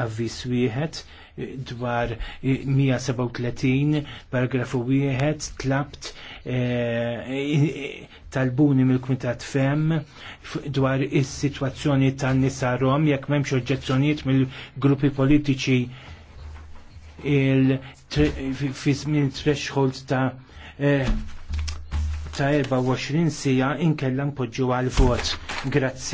avvis wieħed dwar 137 paragrafu wieħed tlabt eh, talbuni mill-Kumitat Fem dwar is-sitwazzjoni tan-nisa Rom jekk m'hemmx oġġezzjonijiet mill-gruppi politiċi il fizmin threshold ta' eh, ta' 24 sija inkella npoġġu għal vot. Grazzi.